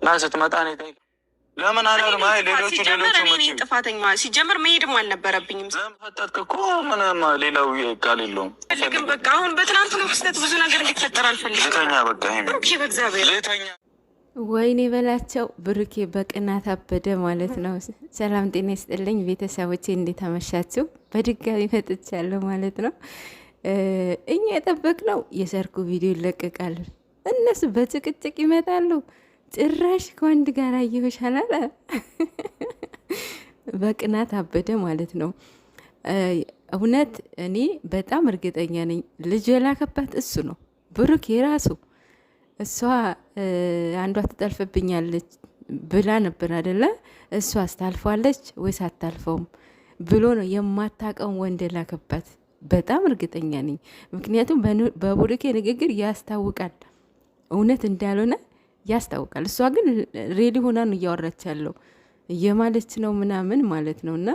እና ስትመጣ እኔ ጠይቅ ለምን አላልም? አይ ሌሎቹ ሌሎቹ ጥፋተኛ ሲጀምር መሄድም አልነበረብኝም። ፈጠጥክ እኮ ምንም ሌላው ቃል የለውም። ፈልግም በቃ አሁን በትናንቱ ነው ክስተት ብዙ ነገር እንዲፈጠር አልፈልግም። ተኛ በቃ በእግዚአብሔር ተኛ። ወይኔ በላቸው ብሩኬ በቅናት አበደ ማለት ነው። ሰላም ጤና ይስጥልኝ ቤተሰቦቼ፣ እንዴት አመሻችሁ? በድጋሚ መጥቻለሁ ማለት ነው። እኛ የጠበቅነው የሰርጉ ቪዲዮ ይለቀቃል፣ እነሱ በጭቅጭቅ ይመጣሉ። ጭራሽ ከወንድ ጋር አየሁሽ አላለ። በቅናት አበደ ማለት ነው። እውነት እኔ በጣም እርግጠኛ ነኝ ልጅ የላከባት እሱ ነው፣ ብሩክ የራሱ እሷ አንዷ ትጠልፍብኛለች ብላ ነበር አደለ? እሷ አስታልፏለች ወይስ አታልፈውም ብሎ ነው የማታቀውን ወንድ የላከባት። በጣም እርግጠኛ ነኝ፣ ምክንያቱም በብሩኬ ንግግር ያስታውቃል እውነት እንዳልሆነ ያስታውቃል። እሷ ግን ሬዲ ሆናን እያወራች ያለው እየማለች ነው ምናምን ማለት ነው። እና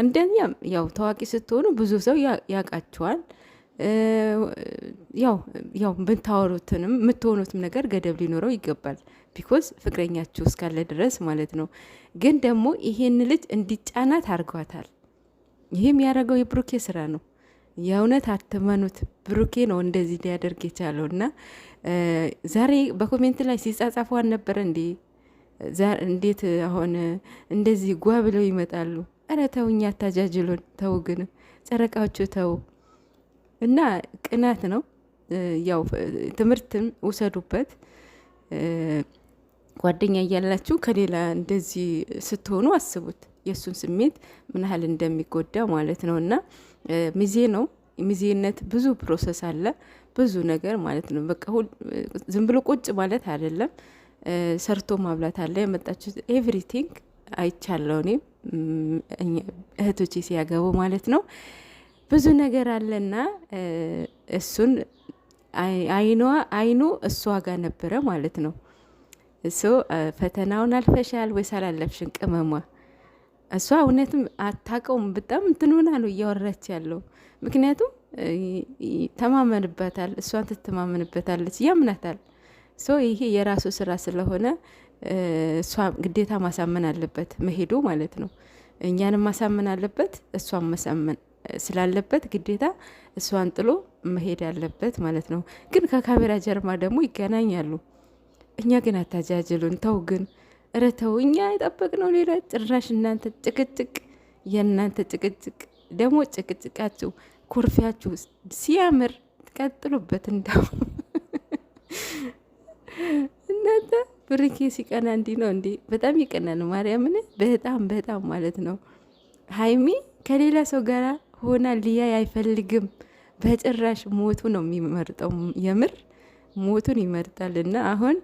አንደኛ ያው ታዋቂ ስትሆኑ ብዙ ሰው ያውቃችኋል። ያው ያው ምታወሩትንም የምትሆኑትም ነገር ገደብ ሊኖረው ይገባል። ቢኮዝ ፍቅረኛችሁ እስካለ ድረስ ማለት ነው። ግን ደግሞ ይሄን ልጅ እንዲጫናት አድርጓታል። ይህም ያደረገው የብሩኬ ስራ ነው። የእውነት አትመኑት ብሩኬ ነው እንደዚህ ሊያደርግ የቻለው እና ዛሬ በኮሜንት ላይ ሲጻጻፉ አልነበረ እንዴ? እንዴት አሁን እንደዚህ ጓ ብለው ይመጣሉ? እረ ተው፣ እኛ አታጃጅሉን። ተው ግን ጨረቃዎቹ ተው እና ቅናት ነው ያው ትምህርትን ውሰዱበት። ጓደኛ እያላችሁ ከሌላ እንደዚህ ስትሆኑ አስቡት። የእሱን ስሜት ምን ያህል እንደሚጎዳ ማለት ነው። እና ሚዜ ነው ሚዜነት ብዙ ፕሮሰስ አለ ብዙ ነገር ማለት ነው። በቃ ዝም ብሎ ቁጭ ማለት አይደለም። ሰርቶ ማብላት አለ የመጣችው ኤቭሪቲንግ አይቻለው። እኔ እህቶቼ ሲያገቡ ማለት ነው ብዙ ነገር አለና እሱን አይኗ አይኑ እሷ ጋር ነበረ ማለት ነው። እሱ ፈተናውን አልፈሻል ወይስ አላለፍሽን ቅመሟ እሷ እውነትም አታውቀውም። በጣም እንትን ነው እያወራች ያለው። ምክንያቱም ተማመንበታል፣ እሷን ትተማመንበታለች፣ ያምናታል። ሶ ይሄ የራሱ ስራ ስለሆነ እሷ ግዴታ ማሳመን አለበት መሄዱ ማለት ነው። እኛንም ማሳመን አለበት፣ እሷን ማሳመን ስላለበት ግዴታ እሷን ጥሎ መሄድ አለበት ማለት ነው። ግን ከካሜራ ጀርባ ደግሞ ይገናኛሉ። እኛ ግን አታጃጅሉን ተው ግን ረተውኛ የጠበቅነው ሌላ ጭራሽ እናንተ ጭቅጭቅ የእናንተ ጭቅጭቅ ደግሞ ጭቅጭቃችሁ ኩርፊያችሁ ሲያምር ትቀጥሉበት። እንደው እናንተ ብርኬ ሲቀና እንዲ ነው እንዲ በጣም ይቀናል። ማርያምን በጣም በጣም ማለት ነው። ሀይሚ ከሌላ ሰው ጋራ ሆና ሊያይ አይፈልግም በጭራሽ። ሞቱ ነው የሚመርጠው የምር ሞቱን ይመርጣል። እና አሁን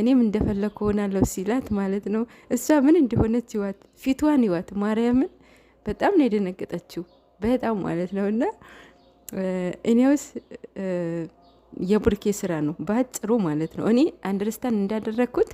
እኔም እንደፈለግ ሆናለሁ ሲላት ማለት ነው። እሷ ምን እንደሆነች ይዋት፣ ፊቷን ይዋት። ማርያምን በጣም ነው የደነገጠችው፣ በጣም ማለት ነው። እና እኔውስ የቡርኬ ስራ ነው በአጭሩ ማለት ነው። እኔ አንደርስታንድ እንዳደረግኩት